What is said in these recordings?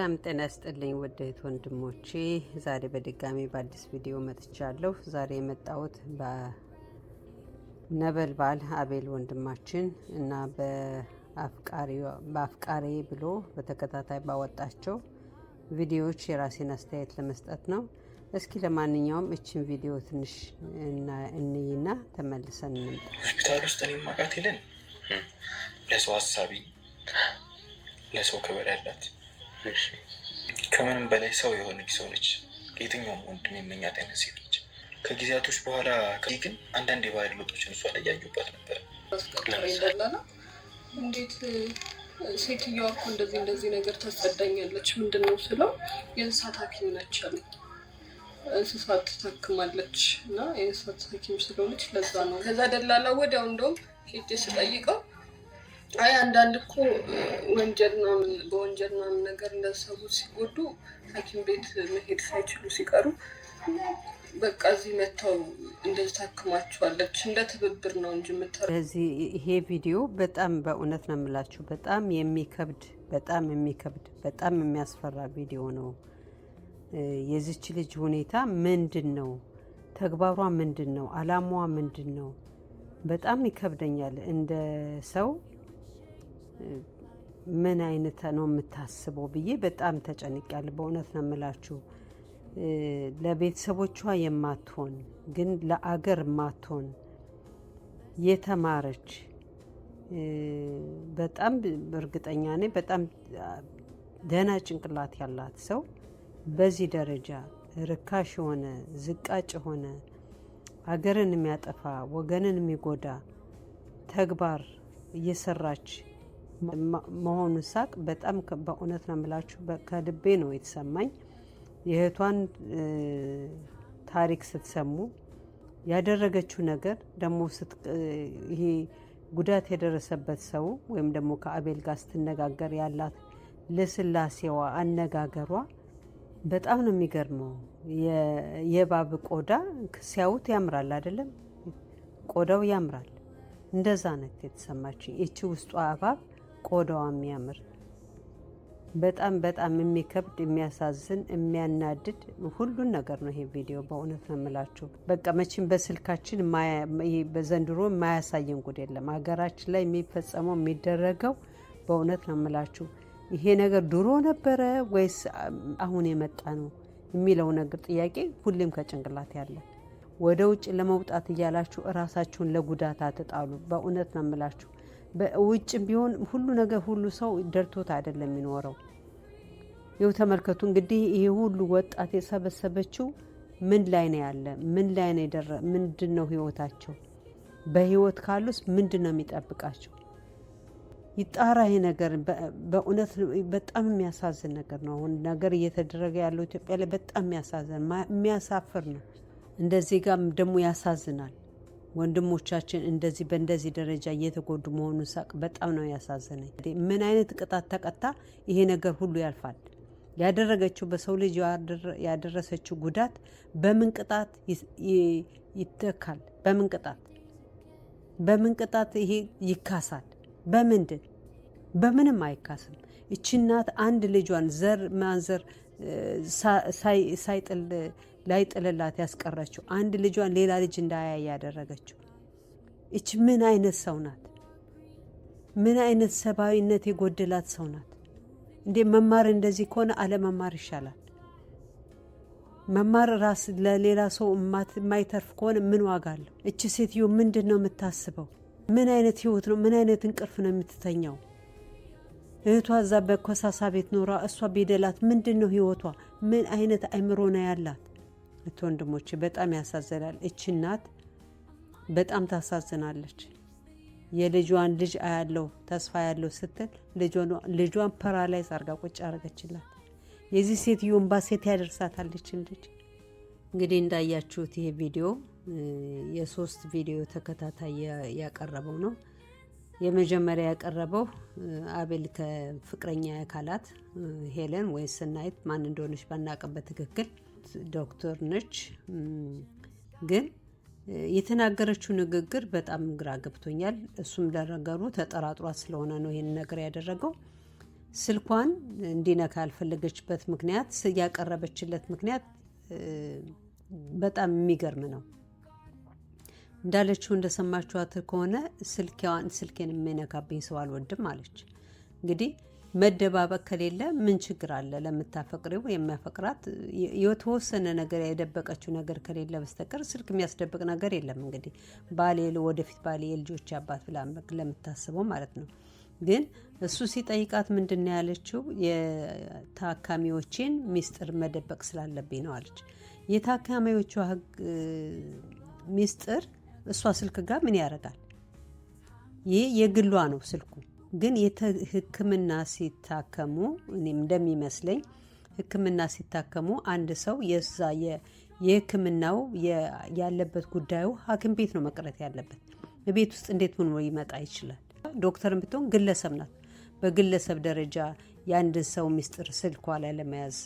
ሰላም ጤና ያስጥልኝ ውድ እህት ወንድሞቼ፣ ዛሬ በድጋሚ በአዲስ ቪዲዮ መጥቻለሁ። ዛሬ የመጣሁት በነበልባል አቤል ወንድማችን እና በአፍቃሪ ብሎ በተከታታይ ባወጣቸው ቪዲዮዎች የራሴን አስተያየት ለመስጠት ነው። እስኪ ለማንኛውም እችን ቪዲዮ ትንሽ እንይና ተመልሰን እንምጣ። ሆስፒታል ውስጥ እኔ ማቃት የለን ለሰው አሳቢ ለሰው ክብር ያላት ከምንም በላይ ሰው የሆነች ሰው ነች። የትኛውም ወንድም የመኛት አይነት ሴት ነች። ከጊዜያቶች በኋላ ግን አንዳንድ የባህል ለውጦችን እሷ ላይ ያዩባት ነበር። እንዴት ሴትዮዋ እኮ እንደዚህ እንደዚህ ነገር ታስረዳኛለች። ምንድን ነው ስለው የእንስሳት ሐኪም ነች አለኝ። እንስሳት ታክማለች እና የእንስሳት ሐኪም ስለሆነች ለዛ ነው። ከዛ ደላላ ወዲያው እንደውም ሄጄ ስጠይቀው አይ አንዳንድ እኮ ወንጀል ምናምን በወንጀል ምናምን ነገር እንደሰቡ ሲጎዱ ሐኪም ቤት መሄድ ሳይችሉ ሲቀሩ በቃ እዚህ መጥተው እንደዚህ ታክማቸዋለች እንደ ትብብር ነው እንጂ በዚህ ይሄ ቪዲዮ በጣም በእውነት ነው የምላችሁ፣ በጣም የሚከብድ በጣም የሚከብድ በጣም የሚያስፈራ ቪዲዮ ነው። የዚች ልጅ ሁኔታ ምንድን ነው? ተግባሯ ምንድን ነው? አላማዋ ምንድን ነው? በጣም ይከብደኛል እንደ ሰው ምን አይነት ነው የምታስበው ብዬ በጣም ተጨንቄያለሁ። በእውነት ነው የምላችሁ። ለቤተሰቦቿ የማትሆን ግን ለአገር የማትሆን የተማረች በጣም እርግጠኛ ነኝ በጣም ደህና ጭንቅላት ያላት ሰው በዚህ ደረጃ ርካሽ የሆነ ዝቃጭ የሆነ አገርን የሚያጠፋ ወገንን የሚጎዳ ተግባር እየሰራች መሆኑ ሳቅ በጣም በእውነት ነው የምላችሁ ከልቤ ነው የተሰማኝ። የእህቷን ታሪክ ስትሰሙ ያደረገችው ነገር ደግሞ ይሄ ጉዳት የደረሰበት ሰው ወይም ደግሞ ከአቤል ጋር ስትነጋገር ያላት ለስላሴዋ አነጋገሯ በጣም ነው የሚገርመው። የእባብ ቆዳ ሲያዩት ያምራል አይደለም? ቆዳው ያምራል። እንደዛ ነት የተሰማችኝ ይቺ ውስጧ እባብ ቆዳዋ የሚያምር በጣም በጣም የሚከብድ የሚያሳዝን የሚያናድድ ሁሉን ነገር ነው ይሄ ቪዲዮ። በእውነት ነው የምላችሁ። በቃ መቼም በስልካችን በዘንድሮ የማያሳየን ጉድ የለም። ሀገራችን ላይ የሚፈጸመው የሚደረገው በእውነት ነው የምላችሁ። ይሄ ነገር ድሮ ነበረ ወይስ አሁን የመጣ ነው የሚለው ነገር ጥያቄ ሁሌም ከጭንቅላት ያለ ወደ ውጭ ለመውጣት እያላችሁ እራሳችሁን ለጉዳት አትጣሉ። በእውነት ነው የምላችሁ። ውጭ ቢሆን ሁሉ ነገር ሁሉ ሰው ደርቶት አይደለም የሚኖረው። ይኸው ተመልከቱ እንግዲህ ይሄ ሁሉ ወጣት የሰበሰበችው ምን ላይ ነው ያለ? ምን ላይ ነው የደረ? ምንድን ነው ህይወታቸው? በህይወት ካሉስ ምንድን ነው የሚጠብቃቸው? ይጣራ ይሄ ነገር በእውነት በጣም የሚያሳዝን ነገር ነው። አሁን ነገር እየተደረገ ያለው ኢትዮጵያ ላይ በጣም የሚያሳዝን የሚያሳፍር ነው። እንደዚህ ጋር ደግሞ ያሳዝናል። ወንድሞቻችን እንደዚህ በእንደዚህ ደረጃ እየተጎዱ መሆኑን ሳቅ በጣም ነው ያሳዘነኝ። ምን አይነት ቅጣት ተቀጣ? ይሄ ነገር ሁሉ ያልፋል። ያደረገችው በሰው ልጅ ያደረሰችው ጉዳት በምን ቅጣት ይተካል? በምን ቅጣት በምን ቅጣት ይሄ ይካሳል? በምንድን በምንም አይካስም። እቺ እናት አንድ ልጇን ዘር ማንዘር ሳይጥል ላይ ጥልላት ያስቀረችው አንድ ልጇን ሌላ ልጅ እንዳያይ ያደረገችው እች ምን አይነት ሰው ናት? ምን አይነት ሰብአዊነት የጎደላት ሰው ናት? እንዴ መማር እንደዚህ ከሆነ አለመማር ይሻላል። መማር ራስ ለሌላ ሰው የማይተርፍ ከሆነ ምን ዋጋ አለው? እች ሴትዮ ምንድን ነው የምታስበው? ምን አይነት ህይወት ነው? ምን አይነት እንቅልፍ ነው የምትተኛው? እህቷ እዛ በኮሳሳ ቤት ኖሯ እሷ ቤደላት ምንድን ነው ህይወቷ? ምን አይነት አይምሮ ነው ያላት? እህት በጣም ያሳዝናል። እች እናት በጣም ታሳዝናለች። የልጇን ልጅ አያለው ተስፋ ያለው ስትል ልጇን ፓራላይዝ አርጋ ቁጭ አረገችላት። የዚህ ሴትዮ እንባ ሴት ያደርሳታል። ልጅ እንግዲህ እንዳያችሁት ይሄ ቪዲዮ የሶስት ቪዲዮ ተከታታይ ያቀረበው ነው። የመጀመሪያ ያቀረበው አቤል ከፍቅረኛ አካላት ሄለን ወይ ስናይት ማን እንደሆነች ባናቅም ትክክል ዶክተር ነች፣ ግን የተናገረችው ንግግር በጣም ግራ ገብቶኛል። እሱም ለነገሩ ተጠራጥሯት ስለሆነ ነው ይህን ነገር ያደረገው። ስልኳን እንዲነካ ያልፈለገችበት ምክንያት ያቀረበችለት ምክንያት በጣም የሚገርም ነው። እንዳለችው እንደሰማችኋት ከሆነ ስልኬን የሚነካብኝ ሰው አልወድም አለች። እንግዲህ መደባበቅ ከሌለ ምን ችግር አለ? ለምታፈቅሪው የሚያፈቅራት የተወሰነ ነገር የደበቀችው ነገር ከሌለ በስተቀር ስልክ የሚያስደብቅ ነገር የለም። እንግዲህ ባሌ ወደፊት ባሌ የልጆች አባት ብላ ለምታስበው ማለት ነው። ግን እሱ ሲጠይቃት ምንድን ያለችው? የታካሚዎችን ሚስጥር መደበቅ ስላለብኝ ነው አለች። የታካሚዎቿ ሚስጥር እሷ ስልክ ጋር ምን ያደርጋል? ይህ የግሏ ነው ስልኩ ግን ሕክምና ሲታከሙ እኔም እንደሚመስለኝ ሕክምና ሲታከሙ አንድ ሰው የዛ የሕክምናው ያለበት ጉዳዩ ሐኪም ቤት ነው መቅረት ያለበት። ቤት ውስጥ እንዴት ሆኖ ይመጣ ይችላል? ዶክተርን ብትሆን ግለሰብ ናት። በግለሰብ ደረጃ የአንድን ሰው ሚስጥር ስልኳ ላይ ለመያዝ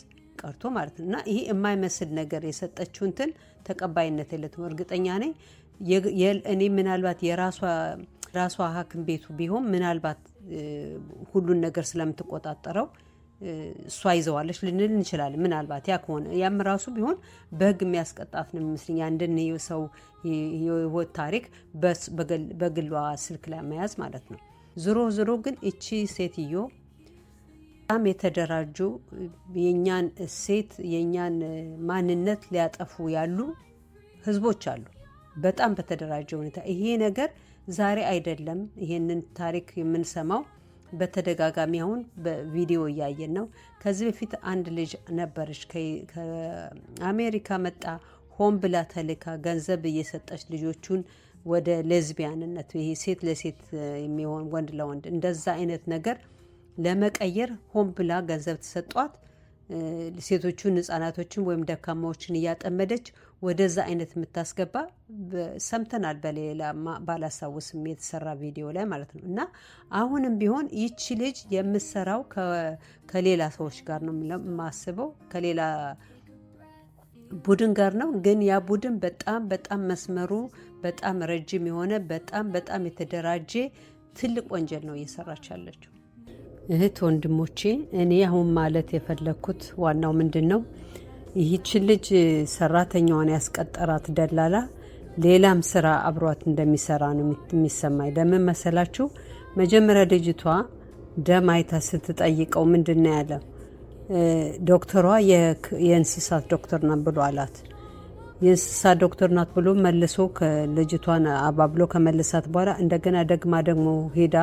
ቀርቶ ማለት ነው እና ይሄ የማይመስል ነገር የሰጠችውንትን ተቀባይነት የለትም። እርግጠኛ ነኝ እኔ ምናልባት የራሷ ራሷ ሐኪም ቤቱ ቢሆን ምናልባት ሁሉን ነገር ስለምትቆጣጠረው እሷ ይዘዋለች ልንል እንችላለን። ምናልባት ያ ከሆነ ያም ራሱ ቢሆን በህግ የሚያስቀጣት ነው የሚመስለኝ። አንድን ሰው የህይወት ታሪክ በግሏ ስልክ ላይ መያዝ ማለት ነው። ዝሮ ዝሮ ግን እቺ ሴትዮ በጣም የተደራጁ የእኛን እሴት የእኛን ማንነት ሊያጠፉ ያሉ ህዝቦች አሉ፣ በጣም በተደራጀ ሁኔታ ይሄ ነገር ዛሬ አይደለም ይህንን ታሪክ የምንሰማው በተደጋጋሚ አሁን በቪዲዮ እያየን ነው። ከዚህ በፊት አንድ ልጅ ነበረች ከአሜሪካ መጣ ሆን ብላ ተልካ ገንዘብ እየሰጠች ልጆቹን ወደ ሌዝቢያንነት ይሄ ሴት ለሴት የሚሆን ወንድ ለወንድ እንደዛ አይነት ነገር ለመቀየር ሆን ብላ ገንዘብ ተሰጧት። ሴቶቹን ህጻናቶችን ወይም ደካማዎችን እያጠመደች ወደዛ አይነት የምታስገባ ሰምተናል። በሌላ ባላሳውስም የተሰራ ቪዲዮ ላይ ማለት ነው። እና አሁንም ቢሆን ይቺ ልጅ የምትሰራው ከሌላ ሰዎች ጋር ነው የማስበው ከሌላ ቡድን ጋር ነው። ግን ያ ቡድን በጣም በጣም መስመሩ በጣም ረጅም የሆነ በጣም በጣም የተደራጀ ትልቅ ወንጀል ነው እየሰራች ያለችው። እህት ወንድሞቼ፣ እኔ አሁን ማለት የፈለግኩት ዋናው ምንድን ነው ይህችን ልጅ ሰራተኛዋን ያስቀጠራት ደላላ ሌላም ስራ አብሯት እንደሚሰራ ነው የሚሰማኝ። ለምን መሰላችሁ? መጀመሪያ ልጅቷ ደም አይታ ስትጠይቀው ምንድን ነው ያለ ዶክተሯ የእንስሳት ዶክተር ናት ብሎ አላት። የእንስሳት ዶክተር ናት ብሎ መልሶ ልጅቷን አባብሎ ከመልሳት በኋላ እንደገና ደግማ ደግሞ ሄዳ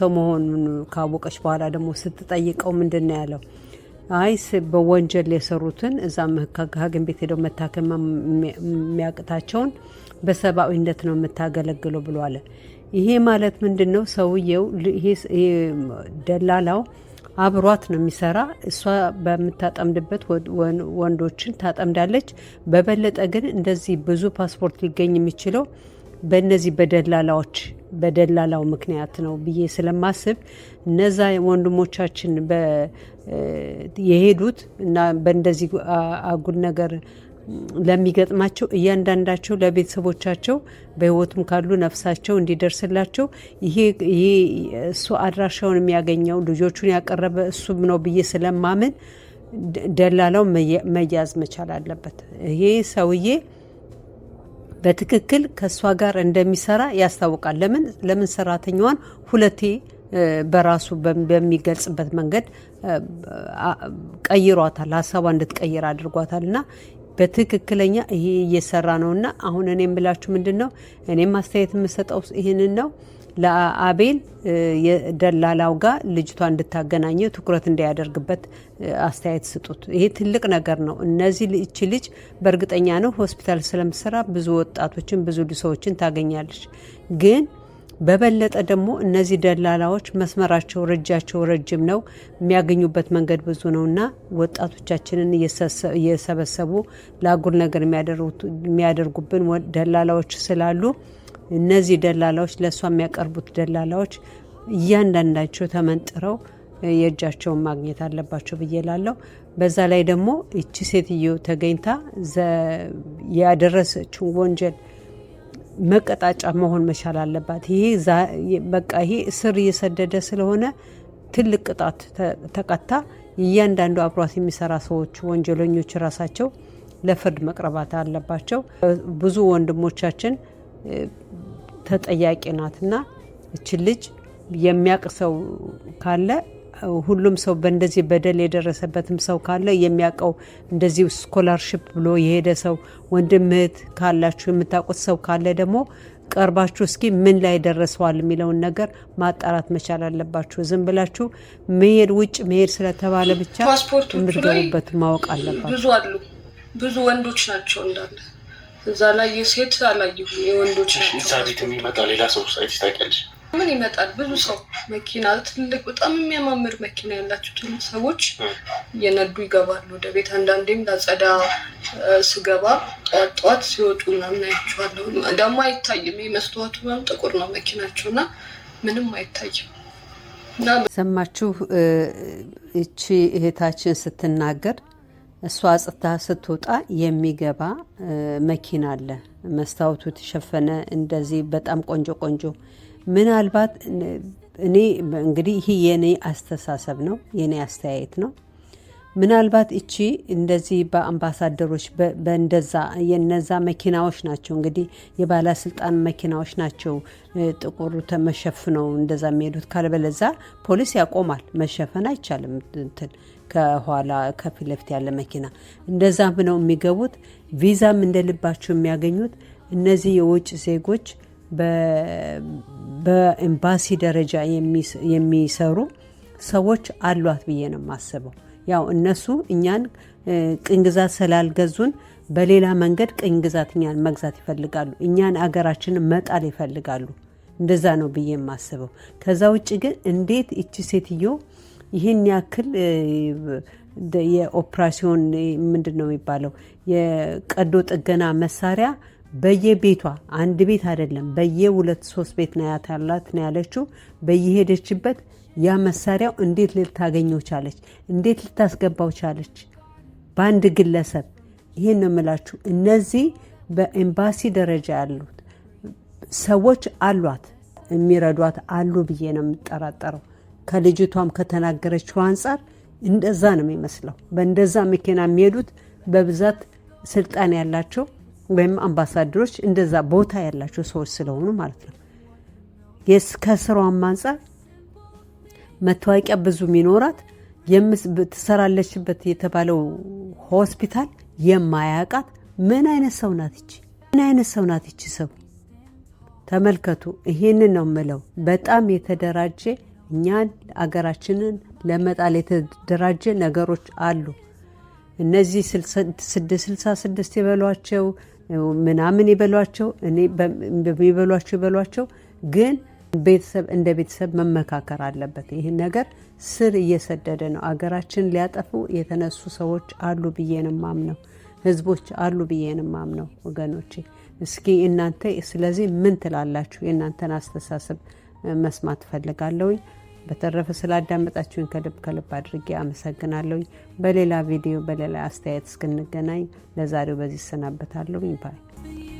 ሰው መሆኑን ካወቀች በኋላ ደግሞ ስትጠይቀው ምንድን ነው ያለው አይስ በወንጀል የሰሩትን እዛም ሐኪም ቤት ሄደው መታከም የሚያቅታቸውን በሰብአዊነት ነው የምታገለግለው ብሎ ይሄ ማለት ምንድን ነው? ሰውየው ደላላው አብሯት ነው የሚሰራ። እሷ በምታጠምድበት ወንዶችን ታጠምዳለች። በበለጠ ግን እንደዚህ ብዙ ፓስፖርት ሊገኝ የሚችለው በእነዚህ በደላላዎች በደላላው ምክንያት ነው ብዬ ስለማስብ እነዛ ወንድሞቻችን የሄዱት እና በእንደዚህ አጉል ነገር ለሚገጥማቸው እያንዳንዳቸው ለቤተሰቦቻቸው በህይወትም ካሉ ነፍሳቸው እንዲደርስላቸው ይሄ እሱ አድራሻውን የሚያገኘው ልጆቹን ያቀረበ እሱም ነው ብዬ ስለማምን ደላላው መያዝ መቻል አለበት። ይሄ ሰውዬ በትክክል ከእሷ ጋር እንደሚሰራ ያስታውቃል። ለምን ለምን ሰራተኛዋን ሁለቴ በራሱ በሚገልጽበት መንገድ ቀይሯታል፣ ሀሳቧ እንድትቀይር አድርጓታል። እና በትክክለኛ ይሄ እየሰራ ነው። እና አሁን እኔ የምላችሁ ምንድን ነው እኔም አስተያየት የምሰጠው ይህንን ነው ለአቤል የደላላው ጋር ልጅቷ እንድታገናኘ ትኩረት እንዲያደርግበት አስተያየት ስጡት። ይሄ ትልቅ ነገር ነው። እነዚህ ልእቺ ልጅ በእርግጠኛ ነው ሆስፒታል ስለምሰራ ብዙ ወጣቶችን ብዙ ሰዎችን ታገኛለች። ግን በበለጠ ደግሞ እነዚህ ደላላዎች መስመራቸው ረጃቸው ረጅም ነው። የሚያገኙበት መንገድ ብዙ ነው እና ወጣቶቻችንን እየሰበሰቡ ለአጉል ነገር የሚያደርጉብን ደላላዎች ስላሉ እነዚህ ደላላዎች ለእሷ የሚያቀርቡት ደላላዎች እያንዳንዳቸው ተመንጥረው የእጃቸውን ማግኘት አለባቸው ብዬ ላለው። በዛ ላይ ደግሞ እቺ ሴትዮ ተገኝታ ያደረሰችውን ወንጀል መቀጣጫ መሆን መቻል አለባት። ይሄ በቃ ይሄ ስር እየሰደደ ስለሆነ ትልቅ ቅጣት ተቀታ እያንዳንዱ አብሯት የሚሰራ ሰዎች ወንጀለኞች ራሳቸው ለፍርድ መቅረባት አለባቸው። ብዙ ወንድሞቻችን ተጠያቂ ናትና እች ልጅ የሚያውቅ ሰው ካለ ሁሉም ሰው በእንደዚህ በደል የደረሰበትም ሰው ካለ የሚያውቀው እንደዚህ ስኮላርሽፕ ብሎ የሄደ ሰው ወንድም እህት ካላችሁ የምታውቁት ሰው ካለ ደግሞ ቀርባችሁ እስኪ ምን ላይ ደረሰዋል የሚለውን ነገር ማጣራት መቻል አለባችሁ። ዝም ብላችሁ መሄድ ውጭ መሄድ ስለተባለ ብቻ የምትገቡበት ማወቅ አለባችሁ። ብዙ አሉ ብዙ ወንዶች ናቸው እንዳለ እዛ ላይ የሴት አላየሁም፣ የወንዶች እዛ ቤት የሚመጣ ሌላ ሰው ሳይት ታውቂያለሽ? ምን ይመጣል? ብዙ ሰው መኪና፣ ትልቅ በጣም የሚያማምር መኪና ያላቸው ትልቅ ሰዎች እየነዱ ይገባሉ ወደ ቤት። አንዳንዴም ላጸዳ ስገባ ጠዋት ጠዋት ሲወጡ ምናምን አያቸዋለሁ። ደግሞ አይታይም፣ የመስተዋቱ ምናምን ጥቁር ነው መኪናቸው እና ምንም አይታይም። ሰማችሁ እቺ እህታችን ስትናገር እሷ ጽታ ስትወጣ የሚገባ መኪና አለ። መስታወቱ የተሸፈነ እንደዚህ በጣም ቆንጆ ቆንጆ ምናልባት እኔ እንግዲህ ይህ የኔ አስተሳሰብ ነው፣ የኔ አስተያየት ነው። ምናልባት እቺ እንደዚህ በአምባሳደሮች በእንደዛ የነዛ መኪናዎች ናቸው እንግዲህ የባለስልጣን መኪናዎች ናቸው ጥቁር ተመሸፍነው እንደዛ የሚሄዱት። ካልበለዛ ፖሊስ ያቆማል። መሸፈን አይቻልም። እንትን ከኋላ ከፊት ለፊት ያለ መኪና እንደዛ ነው የሚገቡት። ቪዛም እንደልባቸው የሚያገኙት እነዚህ የውጭ ዜጎች በኤምባሲ ደረጃ የሚሰሩ ሰዎች አሏት ብዬ ነው የማስበው። ያው እነሱ እኛን ቅኝ ግዛት ስላልገዙን በሌላ መንገድ ቅኝ ግዛት እኛን መግዛት ይፈልጋሉ። እኛን አገራችንን መጣል ይፈልጋሉ። እንደዛ ነው ብዬ የማስበው። ከዛ ውጭ ግን እንዴት እቺ ሴትዮ ይህን ያክል የኦፕራሲዮን ምንድን ነው የሚባለው የቀዶ ጥገና መሳሪያ በየቤቷ አንድ ቤት አይደለም፣ በየሁለት ሶስት ቤት ናያት ያላት ነው ያለችው በየሄደችበት ያ መሳሪያው እንዴት ልታገኘው ቻለች? እንዴት ልታስገባው ቻለች? በአንድ ግለሰብ ይህን ነው የምላችሁ። እነዚህ በኤምባሲ ደረጃ ያሉት ሰዎች አሏት፣ የሚረዷት አሉ ብዬ ነው የምጠራጠረው። ከልጅቷም ከተናገረችው አንጻር እንደዛ ነው የሚመስለው። በእንደዛ መኪና የሚሄዱት በብዛት ስልጣን ያላቸው ወይም አምባሳደሮች እንደዛ ቦታ ያላቸው ሰዎች ስለሆኑ ማለት ነው። ከስሯም አንጻር መታወቂያ ብዙ የሚኖራት ትሰራለችበት የተባለው ሆስፒታል የማያውቃት ምን አይነት ሰው ናት ይቺ? ምን አይነት ሰው ናት ይቺ? ሰው ተመልከቱ። ይሄንን ነው ምለው። በጣም የተደራጀ እኛን አገራችንን ለመጣል የተደራጀ ነገሮች አሉ። እነዚህ ስልሳ ስድስት የበሏቸው ምናምን የበሏቸው እኔ በሚበሏቸው የበሏቸው ግን ቤተሰብ እንደ ቤተሰብ መመካከር አለበት። ይህ ነገር ስር እየሰደደ ነው። አገራችን ሊያጠፉ የተነሱ ሰዎች አሉ ብዬ ነው የማምነው። ህዝቦች አሉ ብዬ ነው የማምነው። ወገኖቼ እስኪ እናንተ ስለዚህ ምን ትላላችሁ? የእናንተን አስተሳሰብ መስማት ፈልጋለሁኝ። በተረፈ ስላዳመጣችሁኝ ከልብ ከልብ አድርጌ አመሰግናለሁኝ። በሌላ ቪዲዮ በሌላ አስተያየት እስክንገናኝ ለዛሬው በዚህ እሰናበታለሁኝ ባይ